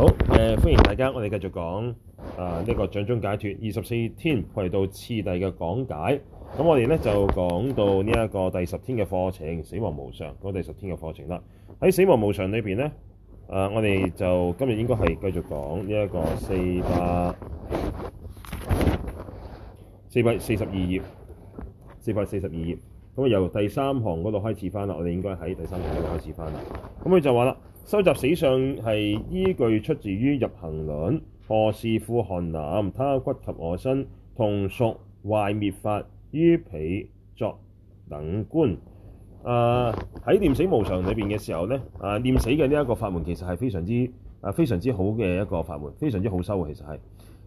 好，誒、呃，歡迎大家，我哋繼續講，誒、呃，呢、這個掌中解脱二十四天嘅道次第嘅講解，咁我哋咧就講到呢一個第十天嘅課程，死亡無常，咁第十天嘅課程啦。喺死亡無常裏邊咧，誒、呃，我哋就今日應該係繼續講呢一個四百四百四十二頁，四百四十二頁，咁啊由第三行嗰度開始翻啦，我哋應該喺第三行嗰度開始翻，咁佢就話啦。修習死相係依據出自於入行論。何時赴寒林，他骨及我身，同屬壞滅法，於彼作等觀。啊、呃，喺念死無常裏邊嘅時候呢，啊、呃，念死嘅呢一個法門其實係非常之，啊、呃、非常之好嘅一個法門，非常之好修嘅。其實係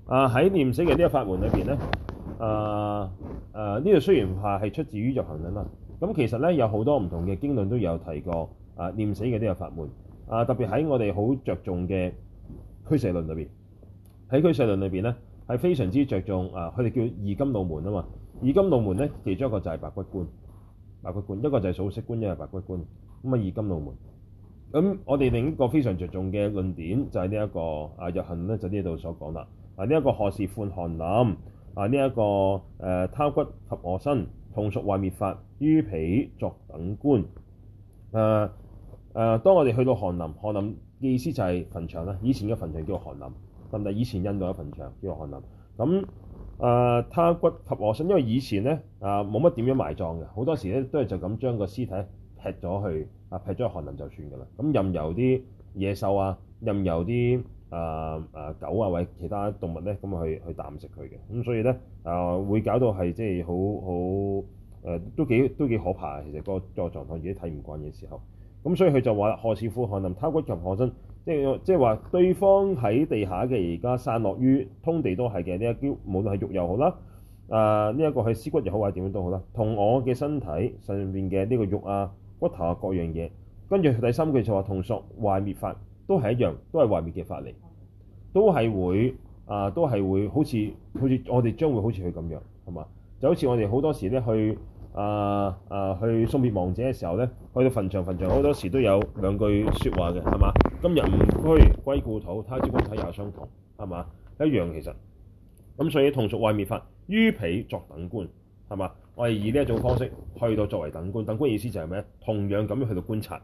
啊喺念死嘅呢個法門裏邊呢，啊啊，呢度雖然係係出自於入行論啦，咁其實呢，有好多唔同嘅經論都有提過啊、呃、念死嘅呢個法門。啊！特別喺我哋好着重嘅俱舍論裏邊，喺俱舍論裏邊咧，係非常之着重啊！佢哋叫二甘露門啊嘛，二甘露門咧，其中一個就係白骨觀，白骨觀一個就係數息觀，一個係白骨觀咁啊！二甘露門咁，我哋另一個非常着重嘅論點就係呢一個啊，入行咧就呢度所講啦。啊，呢一、啊這個何時赴寒林啊？呢、這、一個誒，他、啊、骨及我身，同屬壞滅法，於彼作等觀。啊！誒、呃，當我哋去到寒林，寒林嘅意思就係墳場啦。以前嘅墳場叫做寒林，但係，以前印度嘅墳場叫做寒林。咁、嗯、誒，他、呃、骨及我身，因為以前咧啊，冇乜點樣埋葬嘅，好多時咧都係就咁將個屍體劈咗去啊，劈咗去寒林就算㗎啦。咁、嗯、任由啲野獸啊，任由啲啊啊狗啊或者其他動物咧咁去去啖食佢嘅。咁、嗯、所以咧啊、呃，會搞到係即係好好誒、呃，都幾都幾可怕，其實嗰個作狀態自己睇唔慣嘅時候。咁、嗯、所以佢就話：何時赴寒林，他骨及我身，即係即係話對方喺地下嘅，而家散落於通地都係嘅。呢一啲無論係肉又好啦，啊呢一個係屍骨又好，或者點樣都好啦，同我嘅身體上面嘅呢個肉啊、骨頭啊各樣嘢，跟住第三句就話同屬壞滅法都係一樣，都係壞滅嘅法嚟，都係會啊、呃，都係會好似好似我哋將會好似佢咁樣，係嘛？就好似我哋好多時咧去。啊啊！去送別亡者嘅時候咧，去到墳場，墳場好多時都有兩句説話嘅，係嘛？今日吾軀歸故土，他朝君體也相同，係嘛？一樣其實咁，所以同屬壞滅法於彼作等觀，係嘛？我係以呢一種方式去到作為等觀，等觀意思就係咩？同樣咁樣去到觀察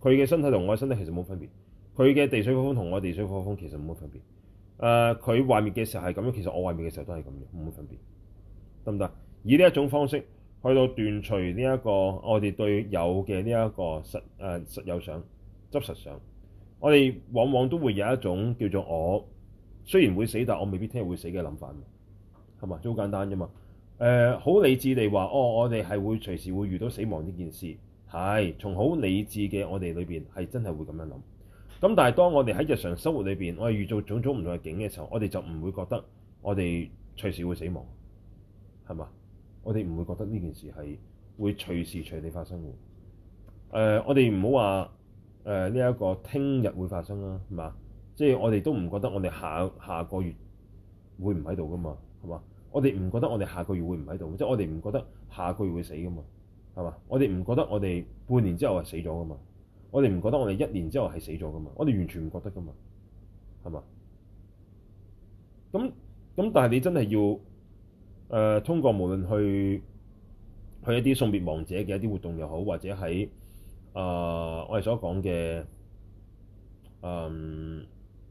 佢嘅身體同我嘅身體其實冇分別，佢嘅地水火風同我地水火風其實冇分別。誒、呃，佢壞滅嘅時候係咁樣，其實我壞滅嘅時候都係咁樣，冇分別，得唔得？以呢一種方式去到斷除呢、這、一個我哋對有嘅呢一個實誒、呃、實有想執實想，我哋往往都會有一種叫做我雖然會死，但我未必聽日會死嘅諗法，係嘛？就好簡單啫嘛。誒，好理智地話，哦，我哋係會隨時會遇到死亡呢件事，係從好理智嘅我哋裏邊係真係會咁樣諗。咁但係當我哋喺日常生活裏邊，我哋遇到種種唔同嘅境嘅時候，我哋就唔會覺得我哋隨時會死亡，係嘛？我哋唔會覺得呢件事係會隨時隨地發生嘅。呃，我哋唔好話誒呢一個聽日會發生啦，係嘛？即係我哋都唔覺得我哋下下個月會唔喺度噶嘛，係嘛？我哋唔覺得我哋下個月會唔喺度，即係我哋唔覺得下個月會死噶嘛，係嘛？我哋唔覺得我哋半年之後係死咗噶嘛，我哋唔覺得我哋一年之後係死咗噶嘛，我哋完全唔覺得噶嘛，係嘛？咁咁，但係你真係要？誒、呃，通過無論去去一啲送別亡者嘅一啲活動又好，或者喺啊、呃，我哋所講嘅嗯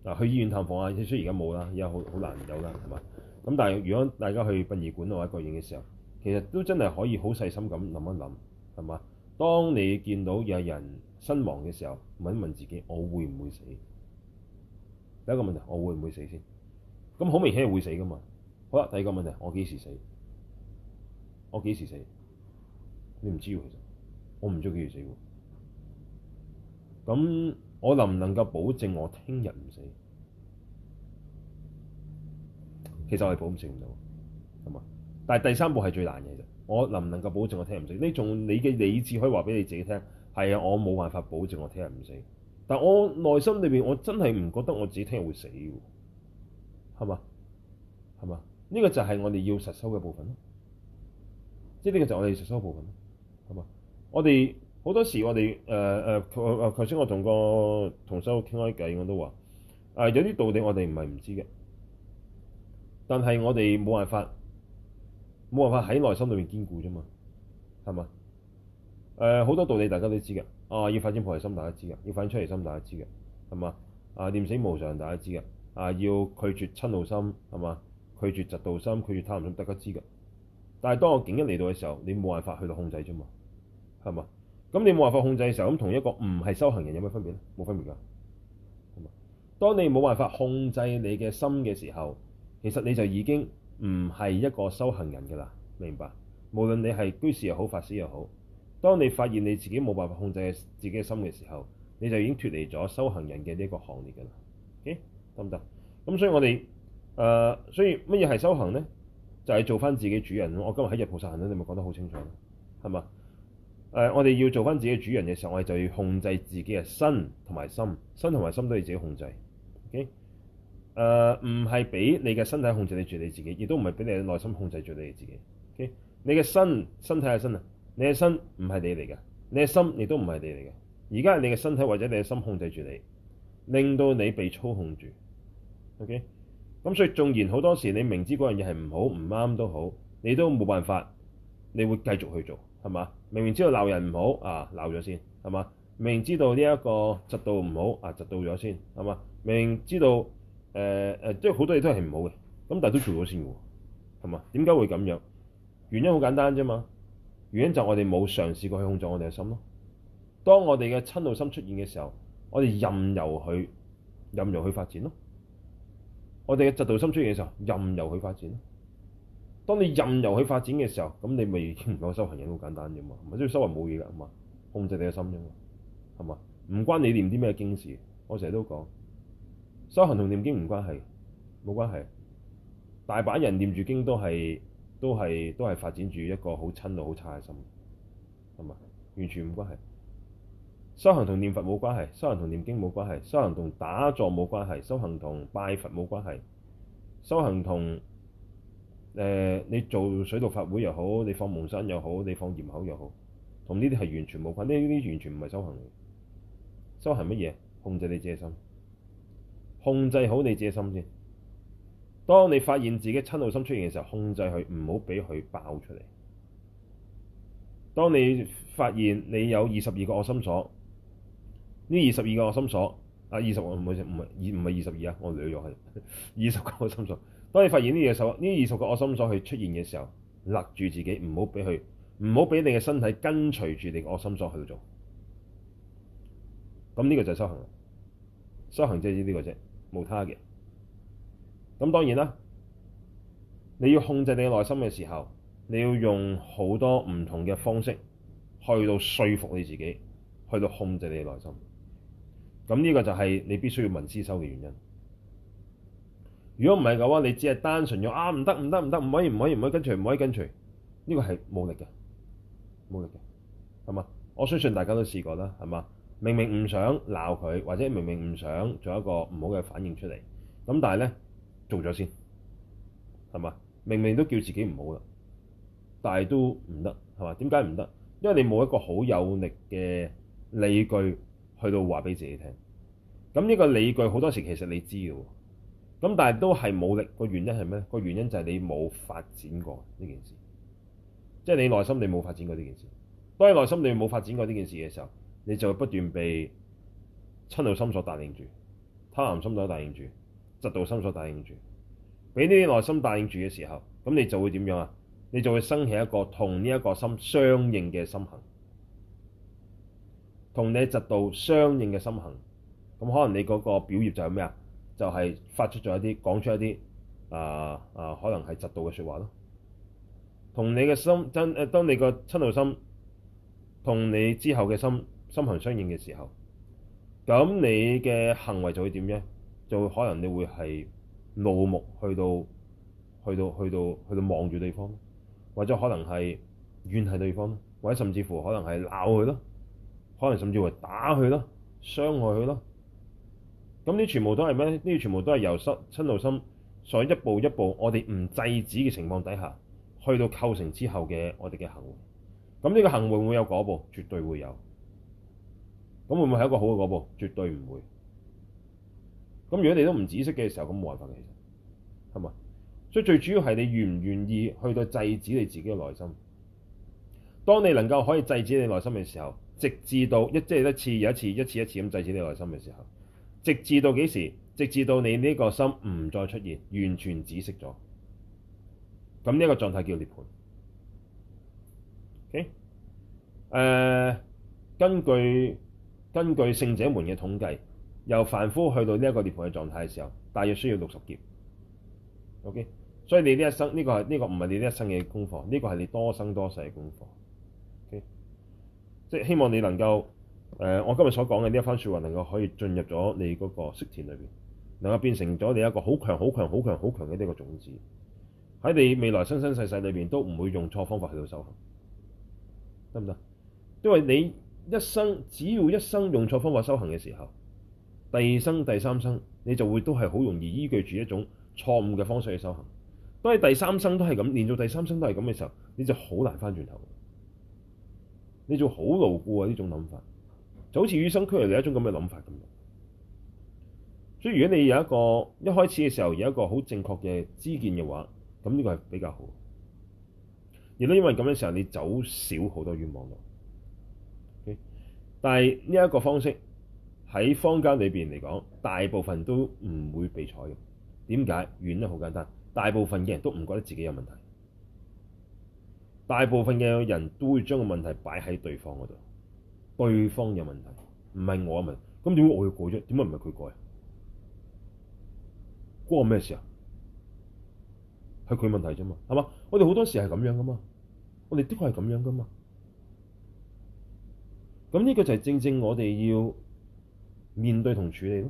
啊，去醫院探訪啊，雖雖而家冇啦，而家好好難有啦，係嘛？咁但係如果大家去殯儀館或者各院嘅時候，其實都真係可以好細心咁諗一諗，係嘛？當你見到有人身亡嘅時候，問一問自己，我會唔會死？第一個問題，我會唔會死先？咁好明顯係會死㗎嘛？好啦，第二個問題，我幾時死？我幾時死？你唔知喎，其實我唔知幾時死喎。咁我能唔能夠保證我聽日唔死？其實我係保證唔到，係嘛？但係第三步係最難嘅，其實我能唔能夠保證我聽日唔死？你仲，你嘅理智可以話俾你自己聽，係啊，我冇辦法保證我聽日唔死。但我內心裏邊，我真係唔覺得我自己聽日會死，係嘛？係嘛？呢個就係我哋要實修嘅部分咯，即係呢個就我哋要實修部分咯。咁啊，我哋好多時我哋誒誒，頭、呃、先、呃、我同個同修傾開偈，我都話誒、呃、有啲道理我哋唔係唔知嘅，但係我哋冇辦法，冇辦法喺內心裏面堅固啫嘛，係嘛？誒、呃、好多道理大家都知嘅，啊、呃、要發展菩提心大家知嘅，要發展出離心大家知嘅，係嘛？啊、呃、念死無常大家知嘅，啊、呃、要拒絕瞋怒心，係嘛？拒絕嫉妒心，拒絕貪唔貪得一知嘅。但係當我境一嚟到嘅時候，你冇辦法去到控制啫嘛，係嘛？咁你冇辦法控制嘅時候，咁同一個唔係修行人有咩分別咧？冇分別㗎。係嘛，當你冇辦法控制你嘅心嘅時候，其實你就已經唔係一個修行人㗎啦。明白？無論你係居士又好，法師又好，當你發現你自己冇辦法控制自己嘅心嘅時候，你就已經脫離咗修行人嘅呢一個行列㗎啦。OK，得唔得？咁所以我哋。誒，uh, 所以乜嘢係修行咧？就係、是、做翻自己主人。我今日喺《入菩薩行》咧，你咪講得好清楚，係嘛？誒、uh,，我哋要做翻自己主人嘅時候，我哋就要控制自己嘅身同埋心，身同埋心都要自己控制。誒，唔係俾你嘅身體控制住你自己，亦都唔係俾你嘅內心控制住你自己。Okay? 你嘅身身體係身啊，你嘅身唔係你嚟嘅，你嘅心亦都唔係你嚟嘅。而家係你嘅身體或者你嘅心控制住你，令到你被操控住。OK。咁所以縱然好多時你明知嗰樣嘢係唔好唔啱都好，你都冇辦法，你會繼續去做係嘛？明明知道鬧人唔好啊，鬧咗先係嘛？明知道呢一個窒到唔好啊，窒到咗先係嘛？明明知道誒誒，即、啊、係、呃呃就係、好多嘢都係唔好嘅，咁但係都做咗先喎，係嘛？點解會咁樣？原因好簡單啫嘛，原因就我哋冇嘗試過去控制我哋嘅心咯。當我哋嘅瞋怒心出現嘅時候，我哋任由佢任由佢發展咯。我哋嘅嫉妒心出現嘅時候，任由佢發展。當你任由佢發展嘅時候，咁你咪已經唔夠修行人，好簡單啫嘛，咪即係修行冇嘢噶嘛，控制你嘅心啫嘛，係嘛？唔關你念啲咩經事，我成日都講，修行同念經唔關係，冇關係。大把人念住經都係都係都係發展住一個好親到好差嘅心，係嘛？完全唔關係。修行同念佛冇關係，修行同念經冇關係，修行同打坐冇關係，修行同拜佛冇關係，修行同誒、呃、你做水道法會又好，你放蒙山又好，你放焰口又好，同呢啲係完全冇關，呢啲完全唔係修行。修行乜嘢？控制你自己心，控制好你自己心先。當你發現自己嗔怒心出現嘅時候，控制佢，唔好俾佢爆出嚟。當你發現你有二十二個惡心所。呢二十二個惡心所，啊二十唔好唔係二唔係二十二啊，22，我捋咗係二十個惡心所。當你發現呢嘢所，呢二十個惡心所去出現嘅時候，勒住自己，唔好俾佢，唔好俾你嘅身體跟隨住你惡心所去到做。咁呢個就係修行，修行即係呢個啫，冇他嘅。咁當然啦，你要控制你嘅內心嘅時候，你要用好多唔同嘅方式去到說服你自己，去到控制你嘅內心。咁呢個就係你必須要聞思修嘅原因。如果唔係嘅話，你只係單純用啊唔得唔得唔得唔可以唔可以唔可以跟隨唔可以跟隨，呢個係冇力嘅，冇力嘅，係嘛？我相信大家都試過啦，係嘛？明明唔想鬧佢，或者明明唔想做一個唔好嘅反應出嚟，咁但係咧做咗先，係嘛？明明都叫自己唔好啦，但係都唔得，係嘛？點解唔得？因為你冇一個好有力嘅理據。去到話俾自己聽，咁呢個理據好多時其實你知嘅，咁但係都係冇力。個原因係咩？個原因就係你冇發展過呢件事，即係你內心你冇發展過呢件事。當你內心你冇發展過呢件事嘅時候，你就會不斷被親度心所帶領住，貪婪心所帶領住，嫉妒心所帶領住，俾呢啲內心帶領住嘅時候，咁你就會點樣啊？你就會生起一個同呢一個心相應嘅心行。同你嘅嫉妒相應嘅心行，咁可能你嗰個表業就係咩啊？就係、是、發出咗一啲講出一啲啊啊，可能係嫉妒嘅説話咯。同你嘅心真誒，當你個瞋恚心同你之後嘅心心行相應嘅時候，咁你嘅行為就會點樣？就會可能你會係怒目去到去到去到去到望住對方，或者可能係怨恨對方，或者甚至乎可能係鬧佢咯。可能甚至乎打佢咯，傷害佢咯。咁呢？全部都係咩呢？啲全部都係由失親路心，所以一步一步，我哋唔制止嘅情況底下，去到構成之後嘅我哋嘅行為。咁呢個行為會唔會有果報？絕對會有。咁會唔會係一個好嘅果報？絕對唔會。咁如果你都唔止息嘅時候，咁冇辦法嘅，其實係咪？所以最主要係你願唔願意去到制止你自己嘅內心。當你能夠可以制止你內心嘅時候。直至到一，即係一次，有一次一次一次咁制止你內心嘅時候，直至到幾時？直至到你呢個心唔再出現，完全止息咗，咁呢一個狀態叫涅槃。O、okay? uh, 根據根據聖者們嘅統計，由凡夫去到呢一個涅槃嘅狀態嘅時候，大約需要六十劫。O、okay? K，所以你呢一生呢、這個係呢、這個唔係你呢一生嘅功課，呢、這個係你多生多世嘅功課。即係希望你能夠誒、呃，我今日所講嘅呢一番説話能夠可以進入咗你嗰個識田裏邊，能夠變成咗你一個好強、好強、好強、好強嘅呢一個種子，喺你未來生生世世裏邊都唔會用錯方法去到修行，得唔得？因為你一生只要一生用錯方法修行嘅時候，第二生、第三生你就會都係好容易依據住一種錯誤嘅方式去修行。當你第三生都係咁，連續第三生都係咁嘅時候，你就好難翻轉頭。你仲好牢固啊！呢種諗法就好似與生俱嚟，有一種咁嘅諗法咁。所以如果你有一個一開始嘅時候有一個好正確嘅知見嘅話，咁呢個係比較好。亦都因為咁嘅時候，你走少好多冤枉路。Okay? 但係呢一個方式喺坊間裏邊嚟講，大部分都唔會被採用。點解？遠得好簡單，大部分嘅人都唔覺得自己有問題。大部分嘅人都會將個問題擺喺對方嗰度，對方有問題，唔係我嘅問題，咁點解我要改咗？點解唔係佢改？關我咩事啊？係佢問題啫嘛，係嘛？我哋好多時係咁樣噶嘛，我哋的確係咁樣噶嘛。咁呢個就係正正我哋要面對同處理咯。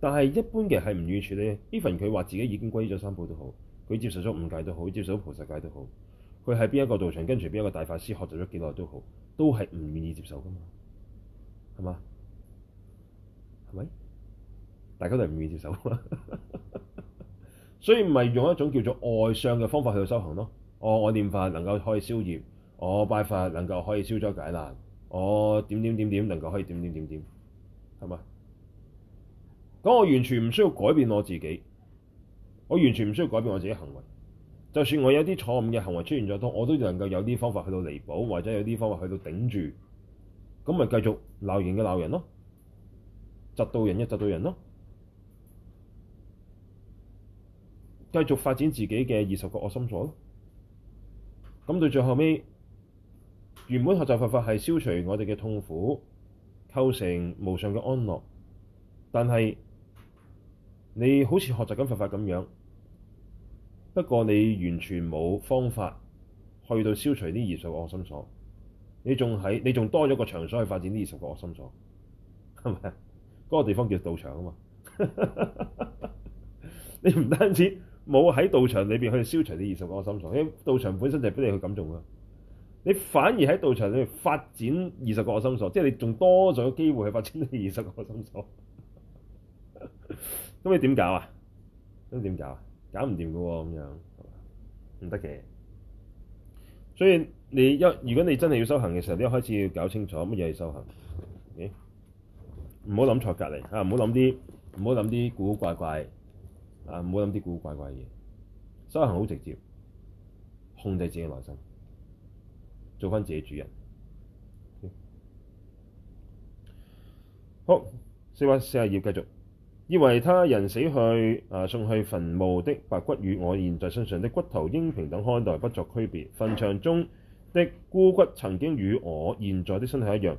但係一般嘅係唔易處理，even 佢話自己已經歸咗三寶都好，佢接受咗五戒都好，接受咗菩薩戒都好。佢喺邊一個道場，跟住邊一個大法師學習咗幾耐都好，都係唔願意接受㗎嘛，係嘛，係咪？大家都係唔願意接受， 所以唔係用一種叫做外相嘅方法去修行咯。我、哦、我念法能夠可以消業，我拜法能夠可以消災解難，我點點點點，點能夠可以點點點點，係咪？咁我完全唔需要改變我自己，我完全唔需要改變我自己行為。就算我有啲錯誤嘅行為出現咗，多，我都能夠有啲方法去到彌補，或者有啲方法去到頂住，咁咪繼續鬧人嘅鬧人咯，窒到人一窒到人咯，繼續發展自己嘅二十個惡心所咯。咁到最後尾，原本學習佛法係消除我哋嘅痛苦，構成無上嘅安樂，但係你好似學習緊佛法咁樣。不過你完全冇方法去到消除呢二十個惡心所，你仲喺你仲多咗個場所去發展呢二十個惡心所，係咪啊？嗰個地方叫道場啊嘛！ 你唔單止冇喺道場裏邊去消除呢二十個惡心所，因為道場本身就係俾你去咁做噶。你反而喺道場裏面發展二十個惡心所，即係你仲多咗機會去發展呢二十個惡心所。咁 你點搞啊？咁你點搞啊？搞唔掂㗎喎，咁樣唔得嘅。所以你一如果你真係要修行嘅時候，你一開始要搞清楚乜嘢係修行。唔好諗錯隔籬啊！唔好諗啲唔好諗啲古怪怪啊！唔好諗啲古怪怪嘢。修行好直接，控制自己內心，做翻自己主人。Okay? 好，四百四廿頁繼續。意為他人死去啊、呃，送去墳墓的白骨與我現在身上的骨頭應平等看待，不作區別。墳場中的孤骨曾經與我現在的身體一樣，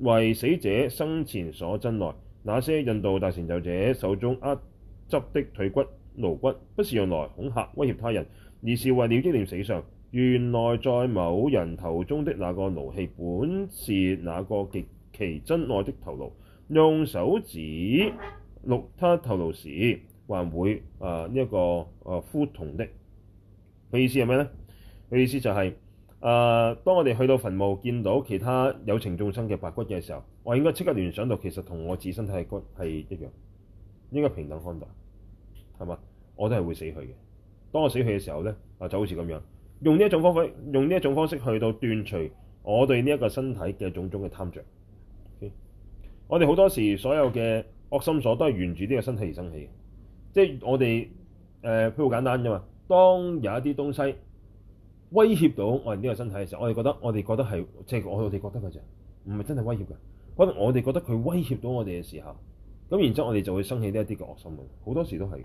為死者生前所珍愛。那些印度大成就者手中握執的腿骨、顱骨，不是用來恐嚇威脅他人，而是為了紀念死相。原來在某人頭中的那個顱碗，本是那個極其珍愛的頭顱，用手指戮他頭顱時還會啊呢一個啊呼、呃、同的嘅意思係咩咧？佢意思就係、是、啊、呃，當我哋去到墳墓見到其他有情眾生嘅白骨嘅時候，我應該即刻聯想到，其實同我自身體嘅骨係一樣，應該平等看待，係嘛？我都係會死去嘅。當我死去嘅時候咧，就好似咁樣用呢一種方法，用呢一種方式去到斷除我對呢一個身體嘅種種嘅貪著。Okay? 我哋好多時所有嘅。惡心所都係沿住呢個身體而生起，即係我哋誒，譬、呃、如好簡單啫嘛。當有一啲東西威脅到我哋呢個身體嘅時候，我哋覺得我哋覺得係，即、就、係、是、我哋覺得嘅啫，唔係真係威脅嘅。不過我哋覺得佢威脅到我哋嘅時候，咁然之後我哋就會生起呢一啲嘅惡心嘅，好多時都係。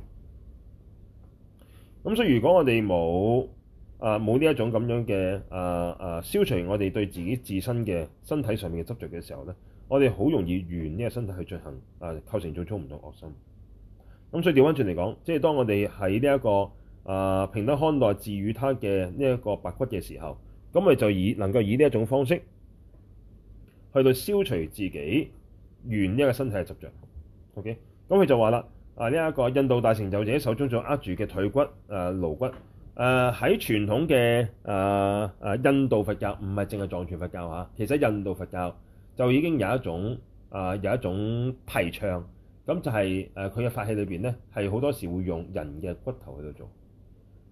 咁所以如果我哋冇啊冇呢一種咁樣嘅啊啊消除我哋對自己自身嘅身體上面嘅執着嘅時候咧。我哋好容易完呢個身體去進行啊構成最粗唔到惡心，咁所以調翻轉嚟講，即係當我哋喺呢一個啊、呃、平等看待自與他嘅呢一個白骨嘅時候，咁我哋就以能夠以呢一種方式去到消除自己原呢一個身體嘅執着。OK 咁佢就話啦啊呢一、這個印度大成就者手中掌握住嘅腿骨、呃顱骨呃呃、啊、顱骨，誒喺傳統嘅啊啊印度佛教唔係淨係藏傳佛教嚇，其實印度佛教。就已經有一種啊、呃，有一種提倡，咁就係、是、誒，佢、呃、嘅法器裏邊咧，係好多時會用人嘅骨頭去度做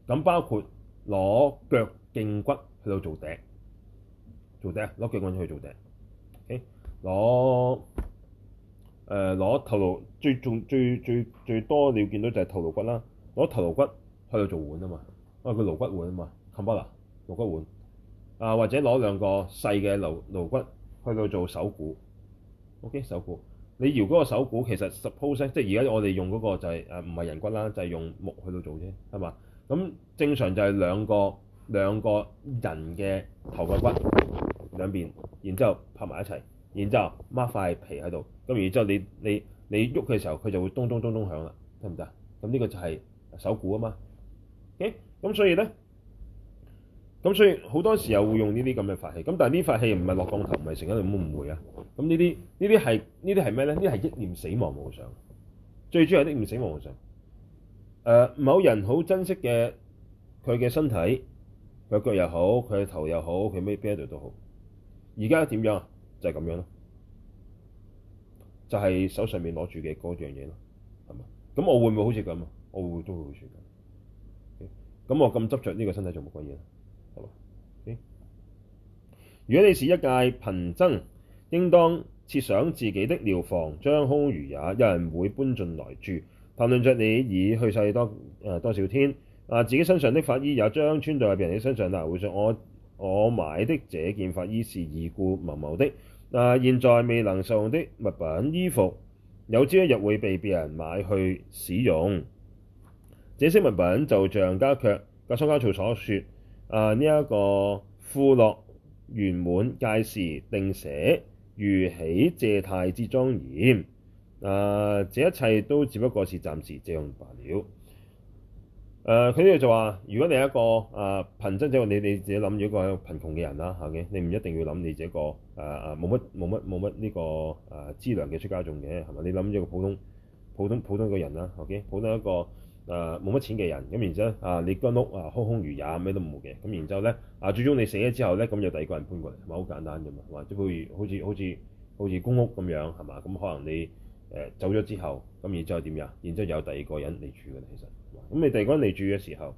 咁，包括攞腳頸骨去到做笛，做笛，攞腳棍去做笛。誒攞誒攞頭顱最重最最最多你要見到就係頭顱骨啦，攞頭顱骨去到做碗啊嘛，啊個顱骨碗嘛啊嘛冚唪唥顱骨碗啊，或者攞兩個細嘅顱顱骨，骨。去到做手鼓 OK，手鼓。你搖嗰個手鼓其實 suppose 即係而家我哋用嗰個就係誒唔係人骨啦，就係、是、用木去到做啫，係嘛？咁正常就係兩個兩個人嘅頭嘅骨骨兩邊，然之後拍埋一齊，然之後 mark 塊皮喺度，咁然之後你你你喐嘅時候佢就會咚咚咚咚響啦，得唔得？咁呢個就係手鼓啊嘛，OK 咁所以咧。咁所以好多時候會用呢啲咁嘅法器，咁但係呢法器唔係落降頭，唔係成日令冇誤會啊！咁呢啲呢啲係呢啲係咩咧？呢啲係憶念死亡無常，最主要係憶念死亡無常。誒、呃，某人好珍惜嘅佢嘅身體，佢腳又好，佢嘅頭又好，佢咩邊一度都好，而家點樣啊？就係、是、咁樣咯，就係、是、手上面攞住嘅嗰樣嘢咯，係嘛？咁我會唔會好似咁啊？我會都會好似咁，咁、okay? 我咁執着呢、這個身體做乜鬼嘢啊？如果你是一介貧僧，應當設想自己的寮房將空如也，有人會搬進來住。談論着你已去世多誒、呃、多少天啊、呃，自己身上的法衣也將穿在別人身上。他會說，我我買的這件法衣是已故某某的啊、呃，現在未能受用的物品衣服，有朝一日會被別人買去使用。這些物品就像嘉卻格桑嘉措所說啊，呢、呃、一個富樂。圓滿屆時定捨如喜借貸之莊嚴，嗱、呃，這一切都只不過是暫時借用罷了。誒、呃，佢呢度就話，如果你係一個誒貧、呃、僧者，你自、okay? 你,你自己諗，咗果一個貧窮嘅人啦，吓、呃、嘅、這個呃，你唔一定要諗你自己個誒誒，冇乜冇乜冇乜呢個誒資糧嘅出家眾嘅，係咪？你諗咗個普通普通普通嘅人啦，OK，普通一個。誒冇乜錢嘅人，咁然之後啊，你間屋啊空空如也，咩都冇嘅，咁然後呢、啊、之後咧，啊最終你死咗之後咧，咁有第二個人搬過嚟，係咪好簡單啫嘛，或者譬如好似好似好似公屋咁樣係嘛，咁可能你誒、呃、走咗之後，咁然之後點樣？然之後有第二個人嚟住嘅其實，咁你第二個人嚟住嘅時候，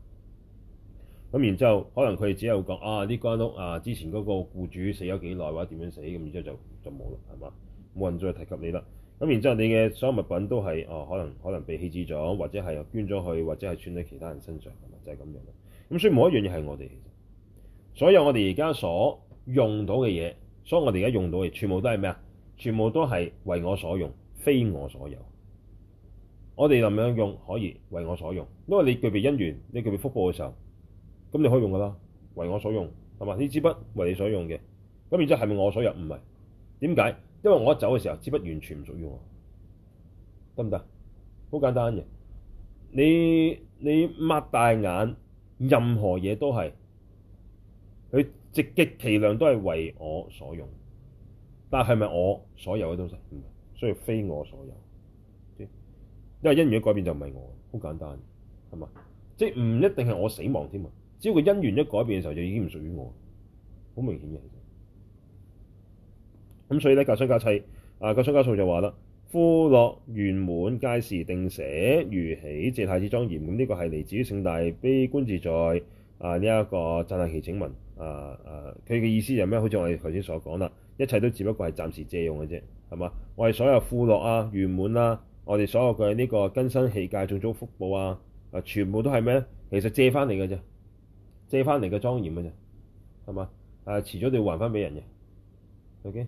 咁然之後可能佢只有講啊呢間、這個、屋啊之前嗰個僱主死咗幾耐或者點樣死，咁然之後就就冇啦係嘛，冇人再提及你啦。咁然之後，你嘅所有物品都係哦、呃，可能可能被棄置咗，或者係又捐咗去，或者係串喺其他人身上，係嘛？就係咁樣嘅。咁所以冇一樣嘢係我哋，其實所有我哋而家所用到嘅嘢，所以我哋而家用到嘅全部都係咩啊？全部都係為我所用，非我所有。我哋咁樣用可以為我所用，因為你具備因緣，你具備福報嘅時候，咁你可以用㗎啦，為我所用，係嘛？呢支筆為你所用嘅，咁然之後係咪我所用？唔係，點解？因為我一走嘅時候，只不完全唔屬於我，得唔得？好簡單嘅，你你擘大眼，任何嘢都係佢直極其量都係為我所用，但係咪我所有嘅東西？唔係，所以非我所有。因為因緣一改變就唔係我，好簡單，係嘛？即係唔一定係我死亡添啊！只要佢因緣一改變嘅時候，就已經唔屬於我，好明顯嘅。咁所以咧，格桑嘉卻，啊，格桑嘉措就話啦：富樂圓滿屆時定捨，如喜，借貸之莊嚴。咁呢個係嚟自於聖大悲觀自在啊呢一個讚歎祈請文啊啊，佢、啊、嘅、啊、意思就咩？好似我哋頭先所講啦，一切都只不過係暫時借用嘅啫，係嘛？我哋所有富樂啊、圓滿啦，我哋所有嘅呢個根身器界種種福報啊，啊，全部都係咩咧？其實借翻嚟嘅啫，借翻嚟嘅莊嚴嘅啫，係嘛？啊，遲早要還翻俾人嘅，OK？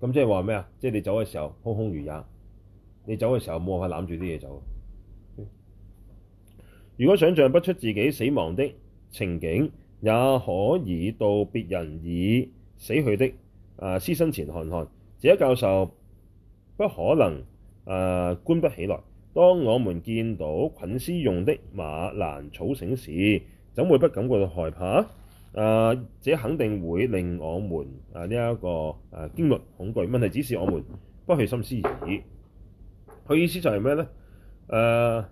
咁即係話咩啊？即係你走嘅時候空空如也，你走嘅時候冇辦法攬住啲嘢走。如果想象不出自己死亡的情景，也可以到別人已死去嘅啊屍身前看看。這教授不可能啊、呃、觀不起來。當我們見到捆屍用的馬蘭草繩時，怎會不感覺到害怕？誒，這、呃、肯定會令我們誒呢一個誒經歷恐懼。問題只是我們不去深思而已。佢意思就係咩咧？誒、呃、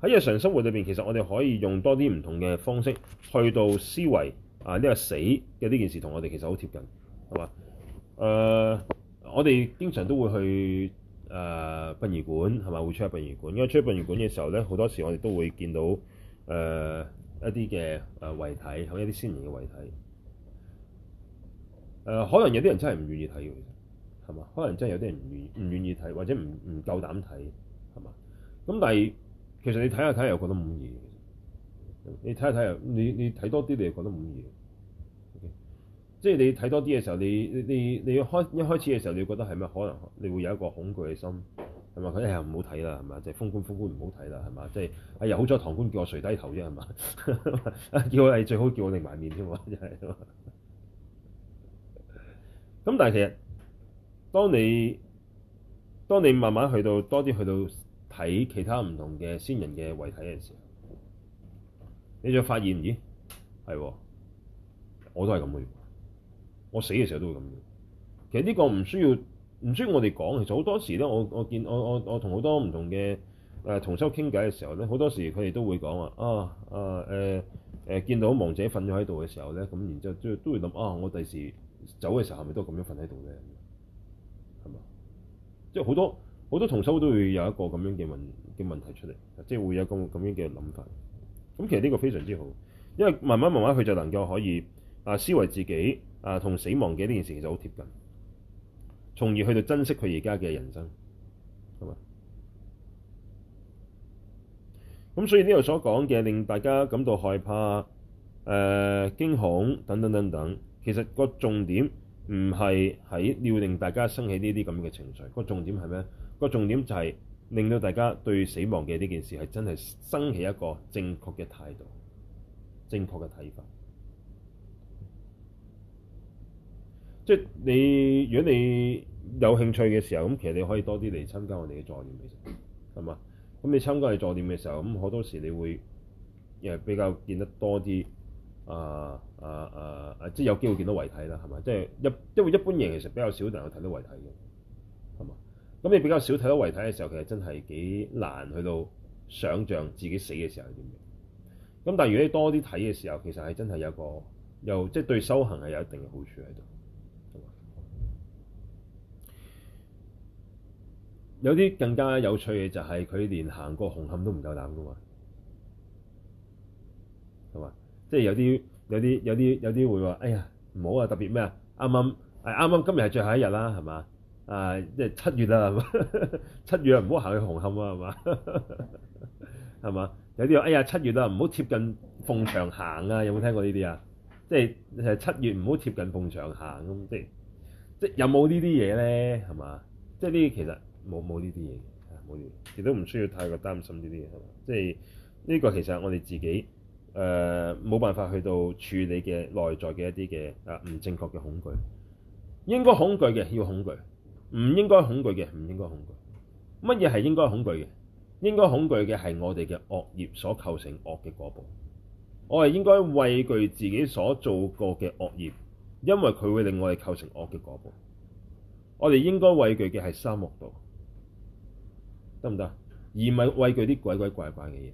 喺日常生活裏邊，其實我哋可以用多啲唔同嘅方式去到思維啊呢、呃這個死嘅呢件事同我哋其實好貼近，係嘛？誒、呃，我哋經常都會去誒、呃、殯儀館，係咪？會出殯儀館，因為出殯儀館嘅時候咧，好多時我哋都會見到誒。呃一啲嘅誒遺體，有一啲先人嘅遺體，誒、呃、可能有啲人真係唔願意睇嘅，其實係嘛？可能真係有啲人唔願唔願意睇，或者唔唔夠膽睇，係嘛？咁但係其實你睇下睇又覺得唔易，你睇下睇下，你你睇多啲你又覺得唔易，okay? 即係你睇多啲嘅時候，你你你開一開始嘅時候，你覺得係咩？可能你會有一個恐懼嘅心。係嘛，佢，哎呀，唔好睇啦係嘛，即係封官封官，唔好睇啦係嘛，即係哎呀，好彩唐官叫我垂低頭啫係嘛， 叫我係，最好叫我擰埋面添嘛，真係。咁 但係其實當你當你慢慢去到多啲去到睇其他唔同嘅先人嘅遺體嘅時候，你就發現咦，係，我都係咁嘅，我死嘅時候都會咁嘅。其實呢個唔需要。唔需要我哋講，其實好多時咧，我見我見我我我同好多唔同嘅誒同修傾偈嘅時候咧，好多時佢哋都會講話啊啊誒誒、呃呃、見到亡者瞓咗喺度嘅時候咧，咁然之後都都會諗啊，我第時走嘅時候係咪都咁樣瞓喺度咧？係嘛，即係好多好多同修都會有一個咁樣嘅問嘅問題出嚟，即係會有咁咁樣嘅諗法。咁其實呢個非常之好，因為慢慢慢慢佢就能夠可以啊思維自己啊同死亡嘅呢件事其實好貼近。從而去到珍惜佢而家嘅人生，好嘛？咁所以呢度所講嘅令大家感到害怕、誒、呃、驚恐等等等等，其實個重點唔係喺要令大家生起呢啲咁嘅情緒，個重點係咩？個重點就係令到大家對死亡嘅呢件事係真係生起一個正確嘅態度，正確嘅睇法。即係你，如果你有興趣嘅時候，咁其實你可以多啲嚟參加我哋嘅助念，其實係嘛？咁你參加係助念嘅時候，咁好多時你會誒比較見得多啲啊啊啊啊！即係有機會見到遺體啦，係嘛？即係一因為一般人其實比較少能夠睇到遺體嘅，係嘛？咁你比較少睇到遺體嘅時候，其實真係幾難去到想像自己死嘅時候係點樣。咁但係如果你多啲睇嘅時候，其實係真係有個又即係對修行係有一定嘅好處喺度。有啲更加有趣嘅就係佢連行過紅磡都唔夠膽噶嘛，係嘛？即係有啲有啲有啲有啲會話，哎呀唔好啊！特別咩啊？啱啱係啱啱今日係最後一日啦，係嘛？啊，即係七月啦，七月唔好行去紅磡啊，係嘛？係嘛？有啲話，哎呀七月啊，唔好貼近鳳翔行啊！有冇聽過呢啲啊？即係誒七月唔好貼近鳳翔行咁，即係即係有冇呢啲嘢咧？係嘛？即係呢啲其實。冇冇呢啲嘢，冇呢啲，亦都唔需要太過擔心呢啲嘢，係嘛？即係呢、這個其實我哋自己誒冇、呃、辦法去到處理嘅內在嘅一啲嘅啊唔正確嘅恐懼，應該恐懼嘅要恐懼，唔應該恐懼嘅唔應該恐懼。乜嘢係應該恐懼嘅？應該恐懼嘅係我哋嘅惡業所構成惡嘅果報。我哋應該畏懼自己所做過嘅惡業，因為佢會令我哋構成惡嘅果報。我哋應該畏懼嘅係三惡道。得唔得？而唔係畏懼啲鬼鬼怪怪嘅嘢，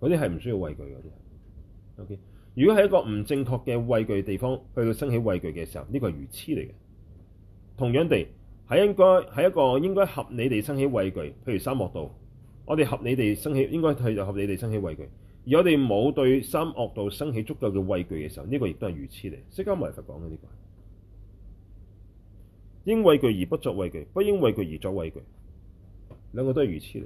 嗰啲係唔需要畏懼嘅。O、okay? K，如果喺一個唔正確嘅畏懼地方，去到生起畏懼嘅時候，呢、這個係愚痴嚟嘅。同樣地，係應該喺一個應該合理地生起畏懼，譬如三惡道，我哋合理地生起，應該係就合理地生起畏懼。而我哋冇對三惡道生起足夠嘅畏懼嘅時候，呢、這個亦都係愚痴嚟。釋迦牟尼佛講嘅呢、這個，應畏懼而不作畏懼，不應畏懼而作畏懼。兩個都係如此嚟。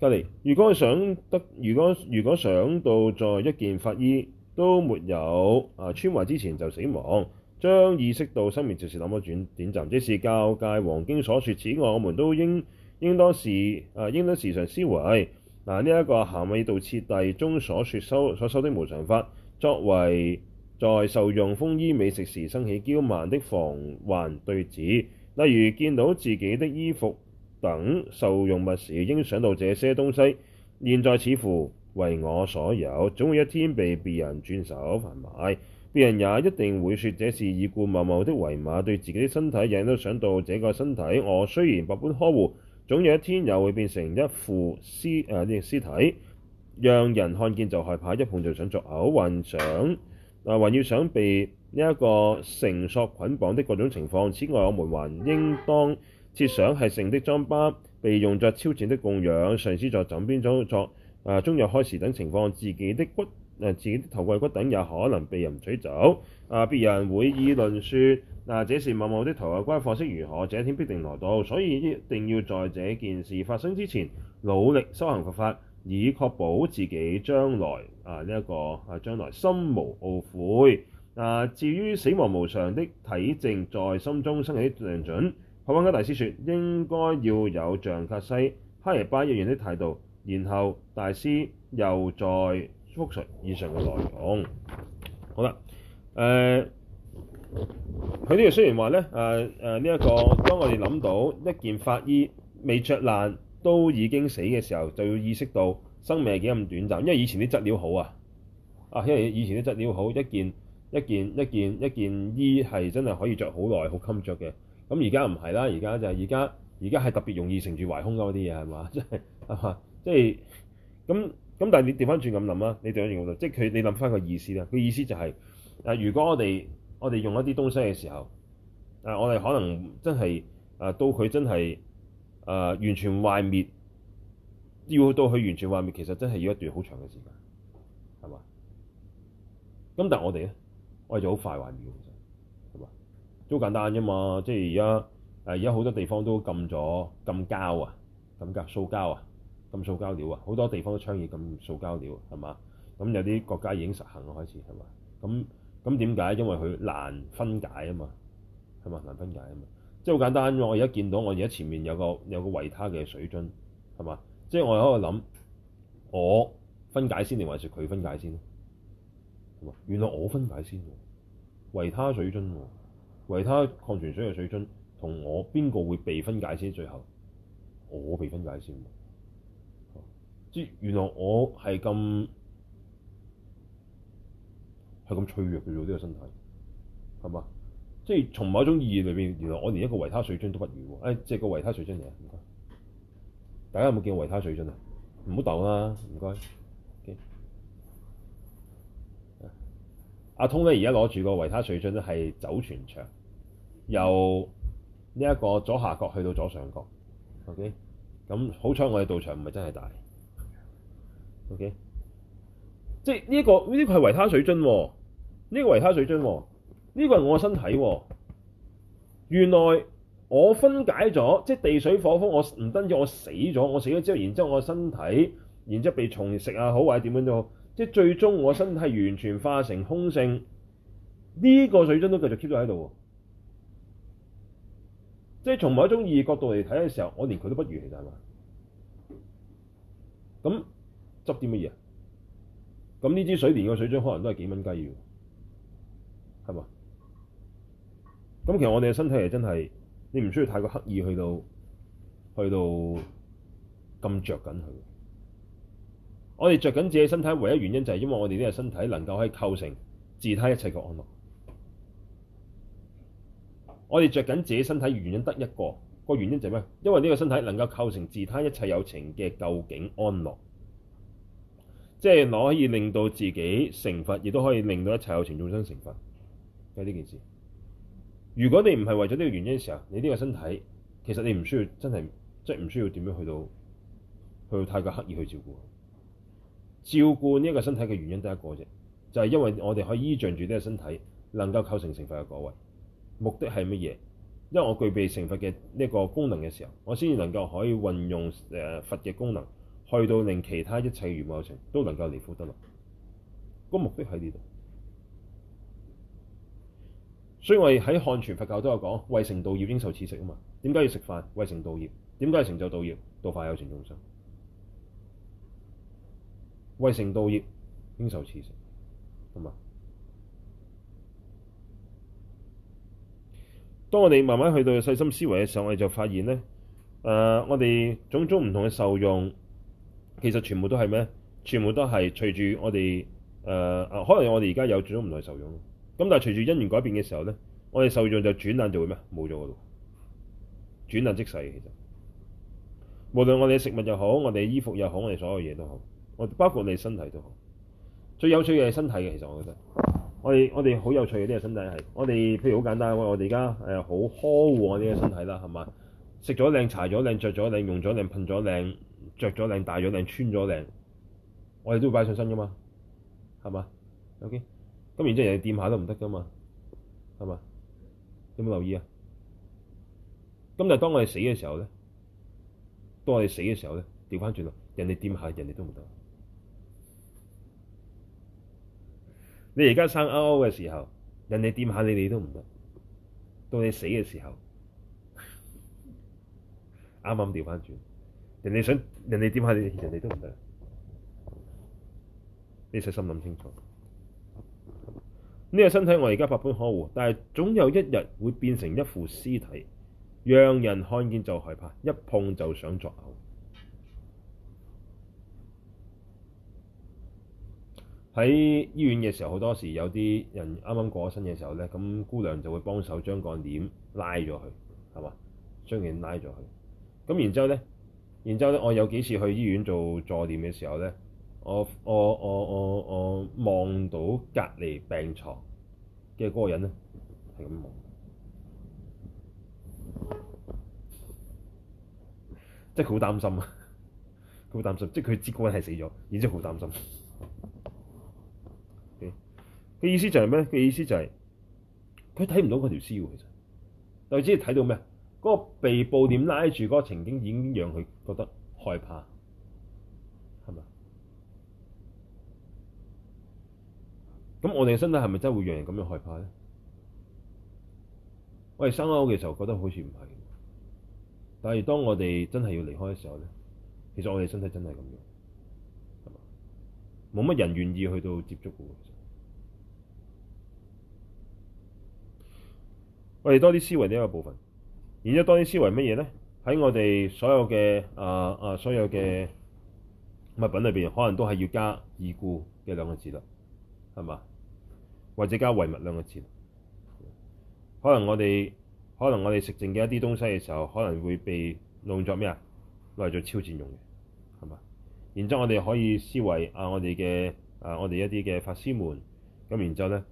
隔離，如果想得，如果如果想到在一件法衣都沒有啊穿壞之前就死亡，將意識到生命就是那麼短短暫， 即是教誡王經所説，此外我們都應應當是啊應當時常、啊、思維。嗱、啊，呢、這、一個《夏瑪爾道次第》中所説收所修的無常法，作為在受用豐衣美食時，生起驕慢的防患對治。例如見到自己的衣服等受用物時，應想到這些東西現在似乎為我所有，總有一天被別人轉手販賣。別人也一定會說這是已故某某的為馬。對自己的身體，也都想到這個身體，我雖然百般呵護，總有一天也會變成一副屍誒呢、呃、屍體，讓人看見就害怕，一碰就想作嘔幻想。嗱、啊，還要想被呢一個繩索捆綁的各種情況。此外，我們還應當設想係成的糌粑被用作超薦的供養、上師在枕邊操作、啊，中有開示等情況，自己的骨、啊、自己的頭蓋骨，骨等也可能被人取走。啊，別人會議論說：嗱、啊，這是某某的頭蓋骨，貨色如何？這一天必定來到，所以一定要在這件事發生之前努力修行佛法。以確保自己將來啊呢一、這個啊將來心無懊悔啊。至於死亡無常的體證，在心中生起量準。帕繃喀大師說，應該要有像格西喀惹巴一樣的態度。然後大師又再覆述以上嘅內容。好啦，誒、呃，喺呢度雖然話咧，誒誒呢一個，當我哋諗到一件法衣未着爛，都已經死嘅時候，就要意識到生命係幾咁短暫。因為以前啲質料好啊，啊，因為以前啲質料好，一件一件一件一件衣係真係可以着好耐，好襟着嘅。咁而家唔係啦，而家就係而家，而家係特別容易成住懷空咯。啲嘢係嘛，即係即係咁咁。但係你調翻轉咁諗啦，你調翻轉我，即係佢你諗翻個意思啦。個意思就係、是，誒、呃，如果我哋我哋用一啲東西嘅時候，誒、呃，我哋可能真係誒、呃，到佢真係。誒、呃、完全壞滅，要到佢完全壞滅，其實真係要一段好長嘅時間，係嘛？咁但係我哋咧，我哋就好快壞滅其實，係嘛？都好簡單啫嘛，即係而家誒，而家好多地方都禁咗禁膠啊，禁膠、塑膠啊，禁塑膠料啊，好多地方都倡議禁塑膠料，係嘛？咁有啲國家已經實行開始，係嘛？咁咁點解？因為佢難分解啊嘛，係嘛？難分解啊嘛。即係好簡單啫！我而家見到，我而家前面有個有個維他嘅水樽，係嘛？即係我喺度諗，我分解先定還是佢分解先？係嘛？原來我分解先，維他水樽，維他礦泉水嘅水樽，同我邊個會被分解先？最後我被分解先。即係原來我係咁係咁脆弱嘅呢個身體，係嘛？即係從某一種意義裏面，原來我連一個維他水樽都不如喎！誒、哎，即係個維他水樽嚟啊！唔該，大家有冇見過維他水樽、okay. 啊？唔好竇啦，唔該。阿通咧，而家攞住個維他水樽咧，係走全場，由呢一個左下角去到左上角。OK，咁、嗯、好彩我哋道場唔係真係大的。OK，即係呢一個呢個係維他水樽喎、啊，呢、這個維他水樽喎、啊。呢個係我身體喎，原來我分解咗，即係地水火風，我唔單止我死咗，我死咗之後，然之後我身體，然之後被蟲食啊，好或者點樣都好，即係最終我身體完全化成空性。呢個水樽都繼續 keep 咗喺度喎，即係從某一種意義角度嚟睇嘅時候，我連佢都不如其，其實嘛，咁執啲乜嘢啊？咁呢支水連嘅水樽可能都係幾蚊雞要，係嘛？咁其實我哋嘅身體係真係，你唔需要太過刻意去到，去到咁着緊佢。我哋着緊自己身體唯一原因就係因為我哋呢個身體能夠可以構成自他一切嘅安樂。我哋着緊自己身體原因得一個，個原因就係咩？因為呢個身體能夠構成自他一切有情嘅究竟安樂，即係我可以令到自己成佛，亦都可以令到一切有情眾生成佛。就係呢件事。如果你唔係為咗呢個原因嘅時候，你呢個身體其實你唔需要真係，即係唔需要點樣去到去到太過刻意去照顧。照顧呢一個身體嘅原因得一個啫，就係因為我哋可以依仗住呢個身體能夠構成成佛嘅果位。目的係乜嘢？因為我具備成佛嘅呢個功能嘅時候，我先至能夠可以運用誒佛嘅功能，去到令其他一切如母有情都能夠離苦得樂。個目的喺呢度。所以我哋喺漢傳佛教都有講，為成道業應受此食啊嘛。點解要食飯？為成道業，點解係成就道業？道法有成眾生。為成道業應受此食，係嘛？當我哋慢慢去到細心思維嘅時候，我哋就發現咧，誒、呃，我哋種種唔同嘅受用，其實全部都係咩？全部都係隨住我哋誒誒，可能我哋而家有種唔同嘅受用。咁但係隨住因緣改變嘅時候咧，我哋受用就轉眼就會咩？冇咗噶咯，轉眼即逝。其實，無論我哋食物又好，我哋衣服又好，我哋所有嘢都好，我包括你身體都好。最有趣嘅係身體嘅，其實我覺得我。我哋我哋好有趣嘅呢個身體係，我哋譬如好簡單，我哋而家誒好呵護我哋嘅身體啦，係嘛？食咗靚，搽咗靚，着咗靚，用咗靚，噴咗靚，着咗靚，大咗靚，穿咗靚，我哋都會擺上身噶嘛，係嘛？OK。咁然之後人哋掂下都唔得噶嘛，係嘛？有冇留意啊？咁但係當我哋死嘅時候咧，當我哋死嘅時候咧，調翻轉咯，人哋掂下人哋都唔得。你而家生阿 O 嘅時候，人哋掂下你你都唔得。到你死嘅時候，啱啱調翻轉，人哋想人哋掂下你，人哋都唔得。你細心諗清楚。呢個身體我而家百般呵護，但係總有一日會變成一副屍體，讓人看見就害怕，一碰就想作嘔。喺醫院嘅時候，好多時有啲人啱啱過身嘅時候呢，咁姑娘就會幫手將個臉拉咗佢，係嘛？將佢拉咗佢。咁然之後呢，然之後呢，我有幾次去醫院做助念嘅時候呢。我我我我我望到隔離病床嘅嗰個人咧，係咁望，即係好擔心啊！佢好擔心，即係佢知嗰個人係死咗，然之後好擔心。佢、okay? 意思就係咩？佢意思就係佢睇唔到嗰條屍喎，其實，但係只係睇到咩？嗰、嗰個被布點拉住嗰個情景已經讓佢覺得害怕。咁我哋嘅身體係咪真係會讓人咁樣害怕咧？我哋生得嘅時候覺得好似唔係，但係當我哋真係要離開嘅時候咧，其實我哋身體真係咁樣，係嘛？冇乜人願意去到接觸過喎。其實我哋多啲思維呢一個部分，然之後多啲思維乜嘢咧？喺我哋所有嘅啊、呃、啊，所有嘅物品裏邊，可能都係要加已故嘅兩個字啦。係嘛，或者加遺物兩個字，可能我哋，可能我哋食剩嘅一啲東西嘅時候，可能會被用作咩啊？嚟做超薦用嘅係嘛？然之後我哋可以思維啊，我哋嘅啊，我哋一啲嘅法師們咁，然之後咧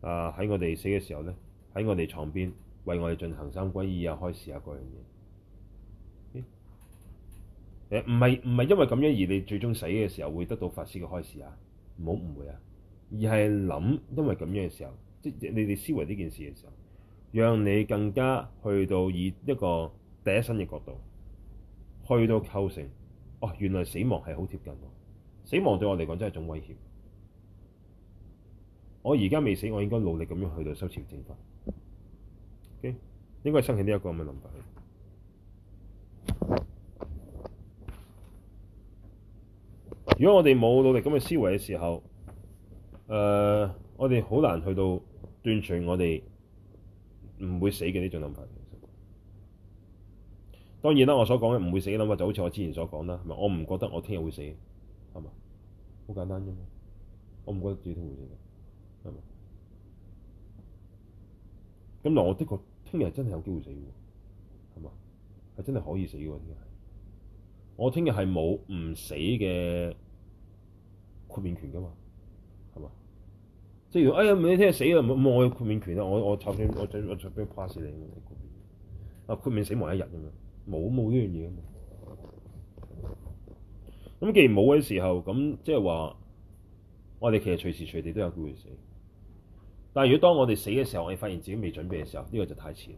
啊，喺我哋死嘅時候咧，喺我哋床邊為我哋進行三歸二啊開示啊各樣嘢誒，唔係唔係因為咁樣而你最終死嘅時候會得到法師嘅開示啊？唔好誤會啊！而係諗，因為咁樣嘅時候，即你哋思維呢件事嘅時候，讓你更加去到以一個第一身嘅角度去到構成。哦，原來死亡係好貼近我，死亡對我嚟講真係種威脅。我而家未死，我應該努力咁樣去到修持正法。OK，應該生起呢一個咁嘅諗法。如果我哋冇努力咁嘅思維嘅時候，誒，uh, 我哋好難去到斷除我哋唔會死嘅呢種諗法。其實當然啦，我所講嘅唔會死嘅諗法，就好似我之前所講啦，係咪？我唔覺得我聽日會死，係咪？好簡單啫嘛，我唔覺得自己會死，嘅，係咪？咁但我的確聽日真係有機會死嘅喎，係嘛？係真係可以死嘅喎，聽日。我聽日係冇唔死嘅豁免權㗎嘛？即係如果哎呀唔係你聽日死啊，冇冇我，我，我，我，我，我，我，我，我豁免權啦，我我就我準我準備 pass 你啊豁免死亡一日咁嘛，冇冇呢樣嘢，咁既然冇嘅時候，咁即係話，我哋其實隨時隨地都有機會死。但係如果當我哋死嘅時候，我哋發現自己未準備嘅時候，呢、呢個就太遲。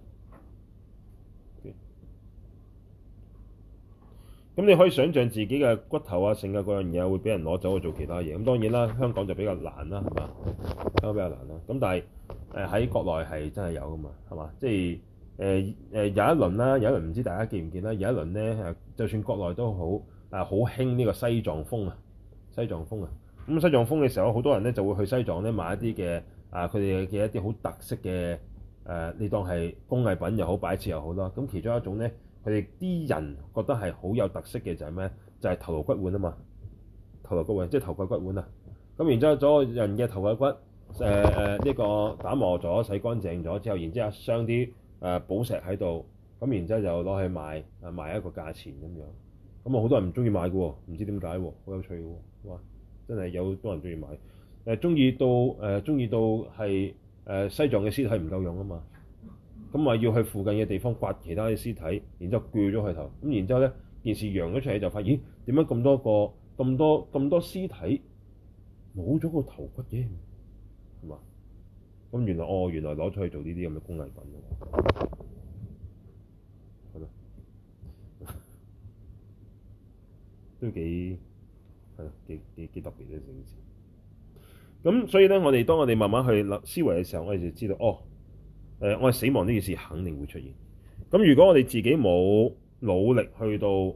咁你可以想象自己嘅骨頭啊、性啊嗰樣嘢會俾人攞走去做其他嘢。咁當然啦，香港就比較難啦，係嘛？香港比較難啦。咁但係誒喺國內係真係有噶嘛，係嘛？即係誒誒有一輪啦，有一輪唔知大家見唔見啦？有一輪咧誒，就算國內都好誒，好興呢個西藏風啊，西藏風啊。咁西藏風嘅時候，好多人咧就會去西藏咧買一啲嘅啊，佢哋嘅一啲好特色嘅誒、啊，你當係工藝品又好，擺設又好啦。咁其中一種咧。佢哋啲人覺得係好有特色嘅就係咩？就係、是就是、頭顱骨碗啊嘛，頭,骨,頭顱骨碗即係頭蓋骨碗啊。咁然之後，咗人嘅頭蓋骨,骨，誒誒呢個打磨咗、洗乾淨咗之後，然之後鑲啲誒寶石喺度，咁然之後就攞去賣，賣一個價錢咁樣。咁啊，好多人唔中意買嘅喎，唔知點解喎，好有趣喎，哇！真係有多人中意買，誒中意到誒中意到係誒、呃、西藏嘅屍體唔夠用啊嘛。咁啊，要去附近嘅地方刮其他啲屍體，然之後鋸咗佢頭，咁然之後咧，件事揚咗出嚟就發現，點解咁多個、咁多、咁多屍體冇咗個頭骨嘅？係嘛？咁原來哦，原來攞出去做呢啲咁嘅工藝品嘅咯， 都幾係咯，幾幾幾特別咧，成件事。咁所以咧，我哋當我哋慢慢去思維嘅時候，我哋就知道哦。誒、呃，我係死亡呢件事肯定會出現。咁如果我哋自己冇努力去到、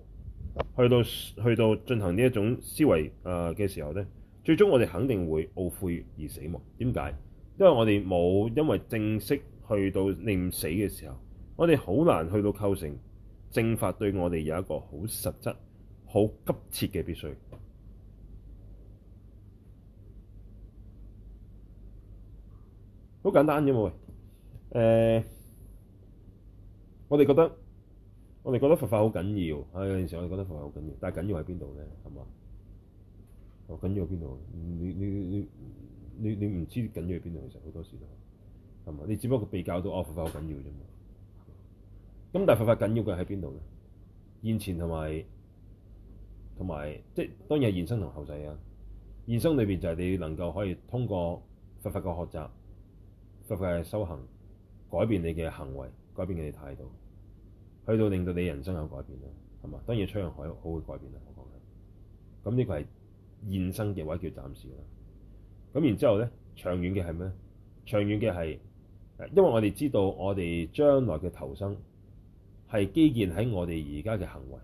去到、去到進行呢一種思維誒嘅時候咧，最終我哋肯定會懊悔而死亡。點解？因為我哋冇因為正式去到念死嘅時候，我哋好難去到構成正法對我哋有一個好實質、好急切嘅必須。好簡單啫、啊，冇。誒、uh，我哋覺得我哋覺得佛法好緊要。誒，有陣時我哋覺得佛法好緊要，但係緊要喺邊度咧？係嘛？哦，緊要喺邊度？你你你你你，唔知緊要喺邊度。其實好多時都係嘛？你只不過被教到哦，佛法好緊要啫。咁但係佛法緊要嘅喺邊度咧？現前同埋同埋即係當然係現生同後世啊。現生裏邊就係你能夠可以通過佛法嘅學習，佛法嘅修行。改變你嘅行為，改變你嘅態度，去到令到你人生有改變咧，係嘛？當然出向好好嘅改變啦，我講緊。咁呢個係現生嘅或者叫暫時啦。咁然之後咧，長遠嘅係咩咧？長遠嘅係，因為我哋知道我哋將來嘅投生係基建喺我哋而家嘅行為，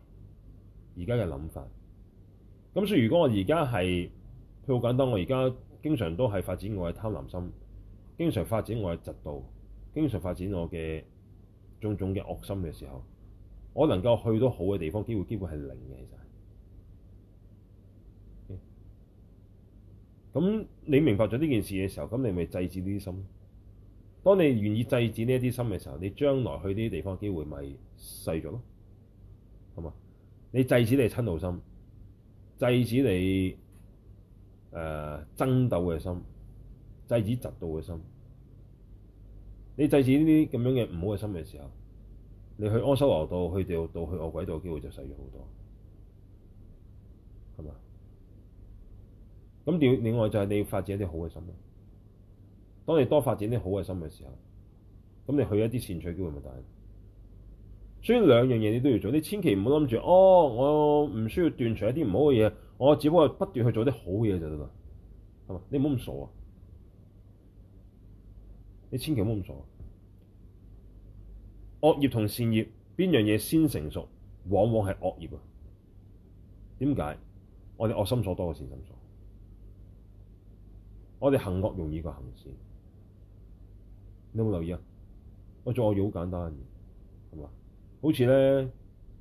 而家嘅諗法。咁所以如果我而家係，佢好簡單，我而家經常都係發展我嘅貪婪心，經常發展我嘅嫉妒。經常發展我嘅種種嘅惡心嘅時候，我能夠去到好嘅地方機會基本係零嘅，其實。咁你明白咗呢件事嘅時候，咁你咪制止呢啲心。當你願意制止呢一啲心嘅時候，你將來去呢啲地方機會咪細咗咯，係嘛？你制止你嗔怒心，制止你誒、呃、爭鬥嘅心，制止嫉妒嘅心。你制止呢啲咁樣嘅唔好嘅心嘅時候，你去阿修羅道去掉到去惡鬼道嘅機會就細咗好多，係咪？咁另另外就係你要發展一啲好嘅心。當你多發展啲好嘅心嘅時候，咁你去一啲善趣機會咪大？所以兩樣嘢你都要做。你千祈唔好諗住，哦，我唔需要斷除一啲唔好嘅嘢，我只不過不斷去做啲好嘅嘢就得啦。係嘛？你唔好咁傻啊！你千祈唔好咁傻啊。惡業同善業邊樣嘢先成熟？往往係惡業啊！點解？我哋惡心所多過善心所，我哋行惡容易過行善。你有冇留意啊？我做惡業好簡單嘅，係嘛？好似咧，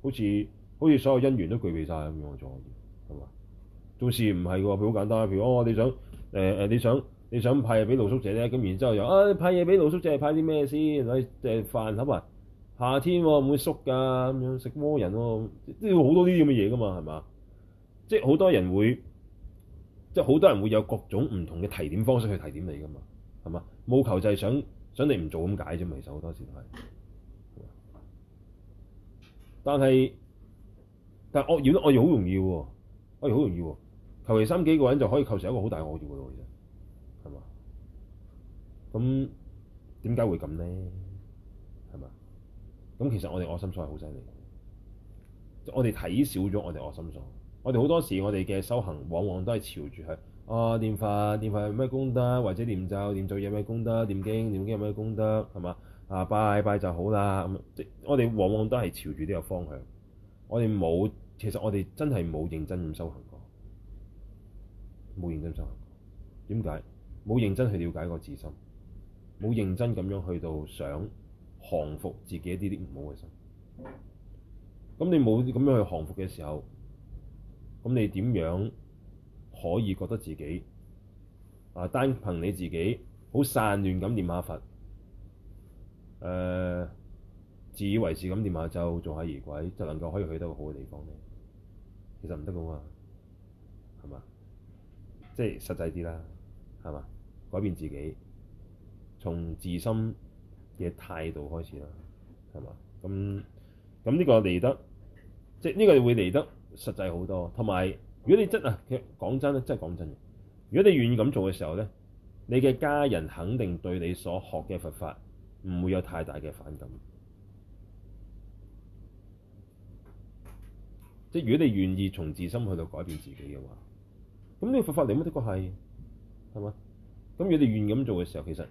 好似好似所有因緣都具備晒。咁樣做嘅，係嘛？做善業唔係喎，佢好簡單。譬如我哋想誒誒，你想、呃、你想、你想、你想派嘢俾露宿者咧，咁然之後又啊，你派嘢俾露宿者，派啲咩先？嗱，誒飯盒啊！夏天喎、啊、唔會縮㗎，咁樣食魔人喎、啊，都要好多啲咁嘅嘢㗎嘛，係嘛？即係好多人會，即係好多人會有各種唔同嘅提點方式去提點你㗎嘛，係嘛？冇求就係想想你唔做咁解啫嘛，其實好多時都係。但係，但惡業咧，惡業好容易喎，惡業好容易喎，求其三幾個人就可以構成一個好大惡業㗎喎，其實係嘛？咁點解會咁咧？咁其實我哋惡心所係好犀利，我哋睇少咗我哋惡心所。我哋好多時我哋嘅修行往往都係朝住係啊念佛，念、哦、念佛有咩功德，或者念咒念咒有咩功德，念經念經有咩功德，係嘛？啊拜拜就好啦、嗯。我哋往往都係朝住呢個方向，我哋冇其實我哋真係冇認真咁修行過，冇認真修行過。點解？冇認真去了解過自心，冇認真咁樣去到想。降服自己一啲啲唔好嘅心，咁你冇咁樣去降服嘅時候，咁你點樣可以覺得自己啊、呃、單憑你自己好散亂咁念下佛，誒、呃、自以為是咁念下咒做下疑鬼，就能夠可以去到個好嘅地方呢？其實唔得噶嘛，係嘛？即係實際啲啦，係嘛？改變自己，從自心嘅態度開始啦，係嘛？咁咁呢個嚟得，即係呢個會嚟得實際好多。同埋，如果你真啊，其實講真咧，真係講真嘅，如果你願意咁做嘅時候咧，你嘅家人肯定對你所學嘅佛法唔會有太大嘅反感。即係如果你願意從自心去到改變自己嘅話，咁呢個佛法嚟乜的確係，係嘛？咁如果你願意咁做嘅時候，其實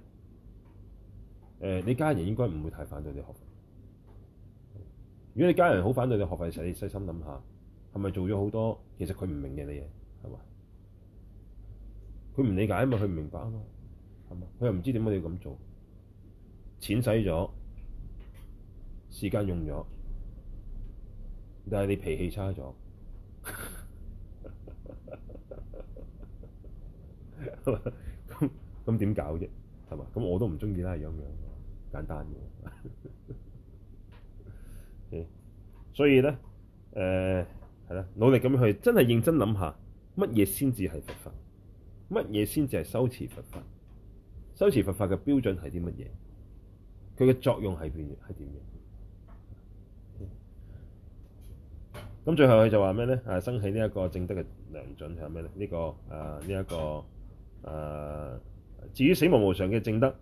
誒、呃，你家人應該唔會太反對你學費。如果你家人好反對你學費使你細心諗下，係咪做咗好多其實佢唔明嘅嘢？係嘛？佢唔理解啊嘛，佢唔明白啊嘛，係嘛？佢又唔知點解你要咁做，錢使咗，時間用咗，但係你脾氣差咗，係嘛？咁咁點搞啫？係嘛？咁我都唔中意啦，咁樣。簡單嘅， 所以咧，誒、呃，係啦，努力咁去，真係認真諗下，乜嘢先至係佛法？乜嘢先至係修持佛法？修持佛法嘅標準係啲乜嘢？佢嘅作用係邊？係點嘅？咁最後佢就話咩咧？啊，生起呢一個證德嘅良準係咩咧？呢、這個誒，呢、啊、一、這個誒、啊，至於死亡無，無常嘅證德。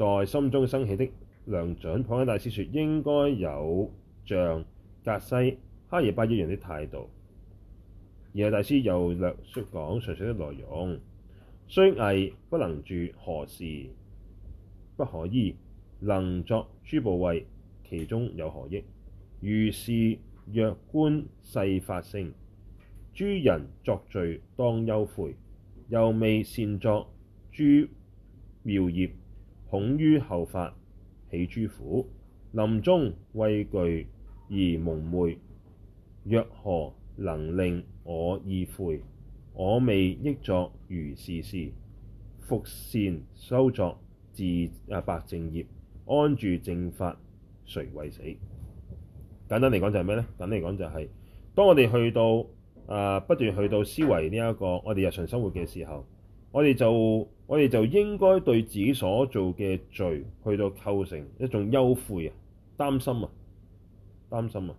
在心中升起的量準，帕繃喀大師説：應該有像格西喀惹巴一樣的態度。然後大師又略説講上述的內容，雖危不能住，何事不可依？能作諸部位，其中有何益？如是若觀世法性，諸人作罪當憂悔，又未善作諸妙業。恐於後法起諸苦，臨終畏懼而蒙昧，若何能令我意悔？我未益作如是事，復善修作自啊白正業，安住正法，誰畏死？簡單嚟講就係咩咧？簡單嚟講就係、是，當我哋去到啊不斷去到思維呢一個我哋日常生活嘅時候，我哋就。我哋就應該對自己所做嘅罪去到構成一種憂悔啊，擔心啊，擔心啊，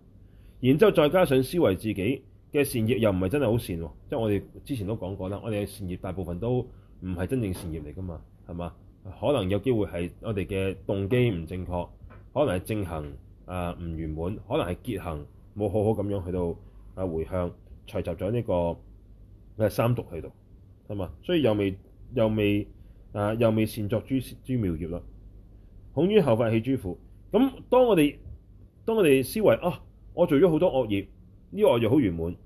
然之後再加上思維自己嘅善業又唔係真係好善，啊，即係我哋之前都講過啦。我哋嘅善業大部分都唔係真正善業嚟噶嘛，係嘛？可能有機會係我哋嘅動機唔正確，可能係正行啊唔圓滿，可能係結行冇好好咁樣去到啊回向，聚集咗呢個嘅三毒喺度，係嘛？所以又未。又未啊！又未善作諸諸妙業啦。恐於後發起諸苦。咁當我哋當我哋思維哦、啊，我做咗好多惡業，呢、這個惡業好圓滿，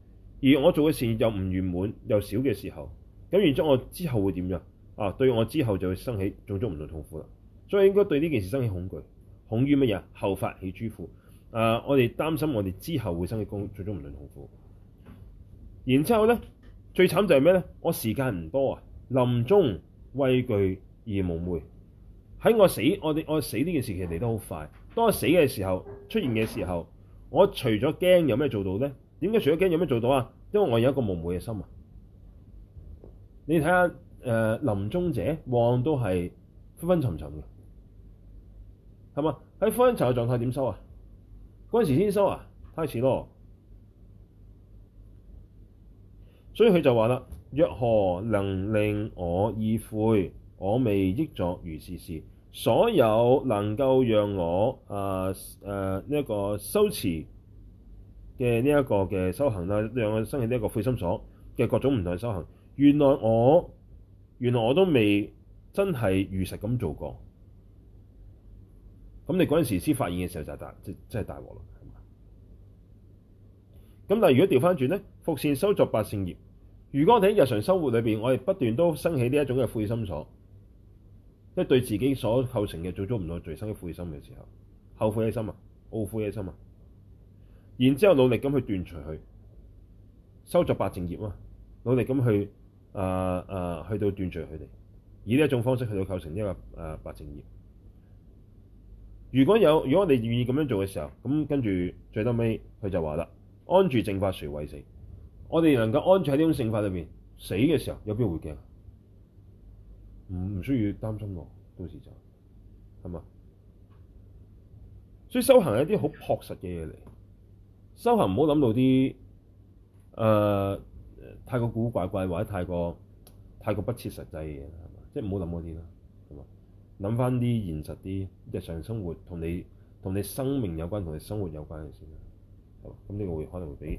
而我做嘅善又唔圓滿又少嘅時候，咁、嗯、然之我之後會點樣啊？對我之後就會生起種種唔同痛苦啦。所以應該對呢件事生起恐懼，恐於乜嘢？後發起諸苦啊！我哋擔心我哋之後會生起公種種唔同痛苦。然之後咧，最慘就係咩咧？我時間唔多啊！臨終畏懼而無悔，喺我死，我哋我死呢件事其實嚟得好快。當我死嘅時候，出現嘅時候，我除咗驚，有咩做到呢？點解除咗驚有咩做到啊？因為我有一個無悔嘅心啊！你睇下，誒、呃，臨終者往往都係昏昏沉沉嘅，係嘛？喺昏昏沉嘅狀態點收啊？嗰陣時先收啊？太遲咯！所以佢就話啦。若何能令我意悔？我未益作如是事。所有能夠讓我啊啊呢一個修持嘅呢一個嘅修行啦，讓我生起呢一個悔心所嘅各種唔同嘅修行，原來我原來我都未真係如實咁做過。咁你嗰陣時先發現嘅時候就大，即係真係大禍啦。係嘛？咁但係如果調翻轉咧，復善收作百善業。如果我哋喺日常生活裏邊，我哋不斷都生起呢一種嘅悔心所，即係對自己所構成嘅做咗唔當罪生嘅悔心嘅時候，後悔嘅心啊，懊悔嘅心啊，然之後努力咁去斷除佢，收作白淨業啊，努力咁去啊啊、呃呃、去到斷除佢哋，以呢一種方式去到構成呢個啊白淨業。如果有如果我哋願意咁樣做嘅時候，咁跟住最後尾佢就話啦，安住正法誰畏死？我哋能夠安住喺呢種性法裏邊，死嘅時候有邊個會驚？唔唔、嗯、需要擔心喎，到時就係嘛。所以修行係一啲好樸實嘅嘢，嚟。修行唔好諗到啲誒、呃、太過古怪怪或者太過太過不切實際嘅嘢，係嘛，即係唔好諗嗰啲啦，係嘛，諗翻啲現實啲日常生活同你同你生命有關、同你生活有關嘅事啦，係嘛，咁呢個會可能會比。